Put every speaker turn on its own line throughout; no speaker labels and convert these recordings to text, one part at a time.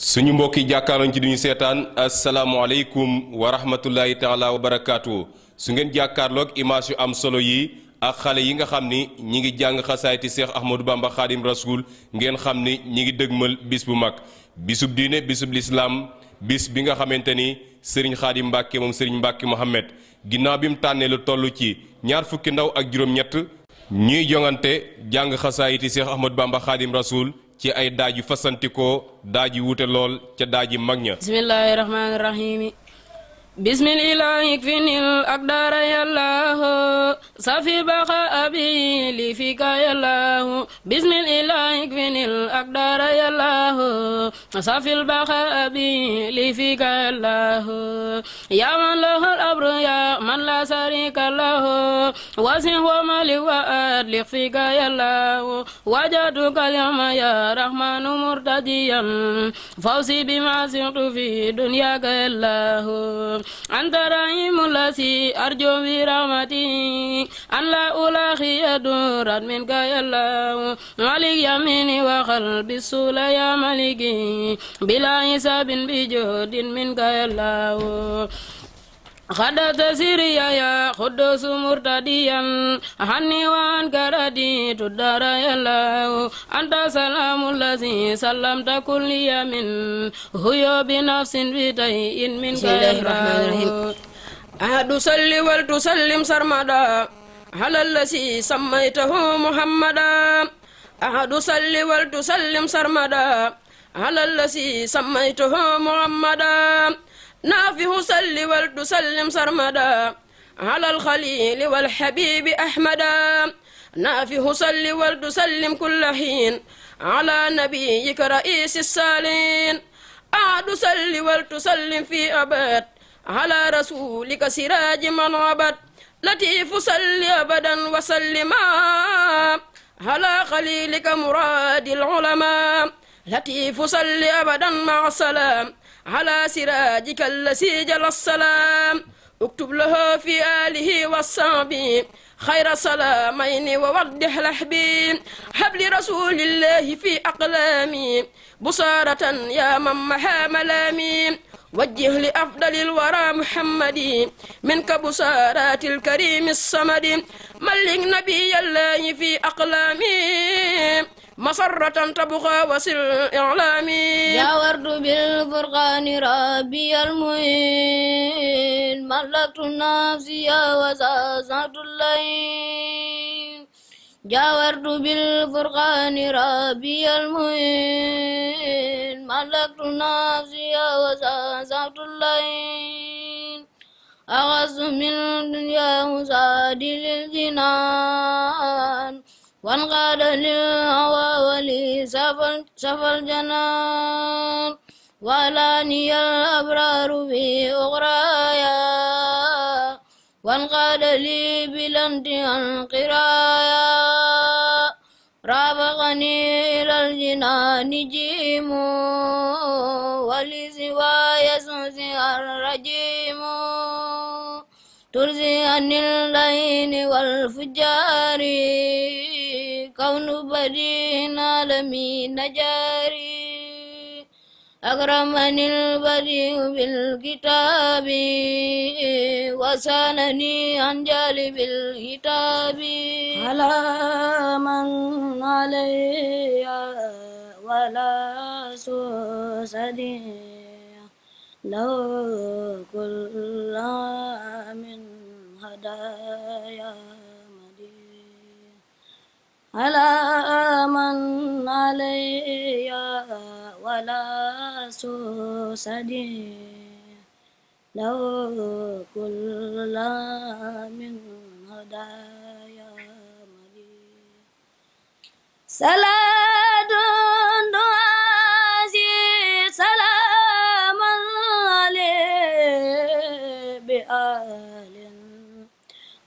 suñu mbokk yi jàkkaarlooñ ci duñu seetaan asalaamualeykum wa rahmatullahi taala wa barakaatu su ngeen jàkkaarlook image yu am solo yi ak xale yi nga xam ni ñi ngi jàng xasaayati seex ahmadou bamba xaadim rasuul ngeen xam ni ñi ngi dëgmal bis bu mag bisub diine bisub lislaam bis bi nga xamante ni sëriñ xaadim mbàkke moom sëriñ mbàkki mohammed ginnaaw bi mu tànnee lu toll ci ñaar fukki ndaw ak juróom-ñett ñuy jongante jàng xasaayiti seex ahmadou bamba xaadim rasul ci ay daaj yu fasantikoo daaj yu wuute lool ca daaj yu mag ña
bismillaahi rahmaani rahiimi bismillaahi ikfinil akdara yallaahu safi baxa abi li fika yallaahu bismillaahi ikfinil akdara yallaahu safil baxa abi li fika yallaahu yaa abru yaa man la sarika ومالي لوأد في يا الله وجدك اليوم يا رحمن مرتديا فوزي بما سرت في دنياك يا الله أنت رحيم الذي أرجو برحمتي أن لا ألاخي دورا منك يا الله مالك يميني وخلبي السول يا ملكي بلا حساب بجود منك يا الله xadata siriya ya xuddusu murtadiyan hanni waan garadi tuddara yalaw anta salaamu lazi salamta kulli yamin
huyo bi nafsin bi tay in min kayraw ahadu salli wal tusallim sarmada ala lazi sammaytahu muhammada ahadu salli wal tusallim sarmada ala lazi sammaytahu muhammada نافه صل سلم سرمدا على الخليل والحبيب أحمدا نافه صل سلم كل حين على نبيك رئيس السالين أعد صل سلم في أبد على رسولك سراج من عبد لطيف صل أبدا وسلما على خليلك مراد العلماء لطيف صل أبدا مع السلام على سراجك الذي جل السلام اكتب له في آله والصابين خير سلامين ووضح لحبي حبل رسول الله في أقلامي بصارة يا من محا ملامي وجه لأفضل الورى محمد منك بصارات الكريم الصمد ملك نبي الله في
أقلامي مسرة تبقى وسل الإعلام ورد بالفرقان ربي المهين ملة النفس وزازة الليل ورد بالفرقان ربي المهين ملة النفس وزازة الليل أغز من الدنيا وزاد للجنان وانقاد للهوى ولي سف الجنان ولاني الأبرار في أغرايا وانقاد لي بلند القرايا رافقني إلى الجنان جيم سوايا سوسي الرجيم ترزي عن اللين والفجار كون بدين عالمي نجاري أكرمني البديع بالكتاب وسانني عن جالب الكتاب على من علي ولا
سوسدين له كل من هدايا مدين على من علي ولا سوسدي له كل من هدايا مدين سلام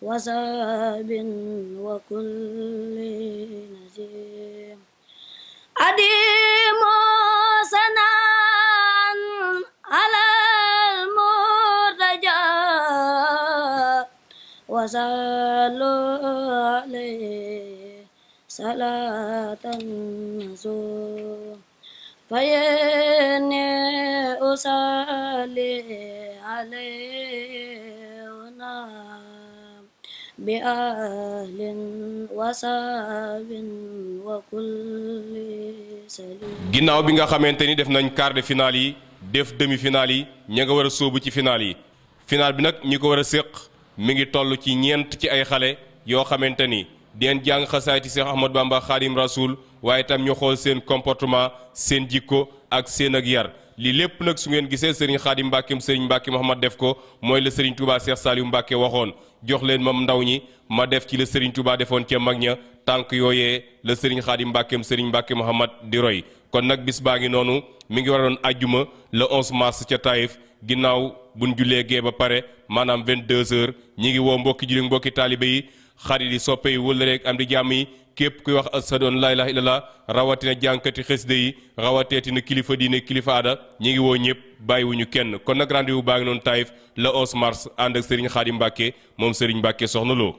وساب وكل نزيم أديم سنا على المرتجى وصلوا عليه صلاة نزول فإني أصلي عليه بأهل وصحب وكل ginnaaw bi nga
xamante ni def nañ quart de yi def demi-finale yi ña nga war a sóobu ci finale yi finale bi nag ñi ko war a séq mi ngi toll ci ñeent ci ay xale yoo xamante ni denn jàng xasaayati Seex Ahmadu Bamba Xaadim Rasuul waaye tam ñu xool seen comportement seen jikko ak seen ak yar lii lépp nag su ngeen gisee sëriñ xaadim mbàkkem sëriñ mbàkke Muhammad def ko mooy la sëriñ Touba Cheikh yu Mbàkke waxoon jox leen mam ndaw ñi ma def ci la sëriñ Touba defoon ca mag ña tànk yooyee la sëriñ xaadim mbàkkem sëriñ mbàkke Muhammad di roy kon nag bis baa ngi noonu mi ngi waroon ajjuma le 11 mars ca Taïf ginnaaw buñ jullee gee ba pare maanaam 22 heures ñi ngi woo mbokki julli mbokki taalibe yi xarit yi soppe yi wëllëreek am di jàmm yi képp kuy wax ashadu an laa ilaaha la rawatina jànqati jànkati xësde yi na kilifa diine kilifa aada ñi ngi woo ñëpp bàyyiwuñu kenn kon nag rendez-vous baa ngi noonu Taïf le 11 mars ànd ak Serigne Khadim Mbacke moom Serigne Mbacke soxnaloo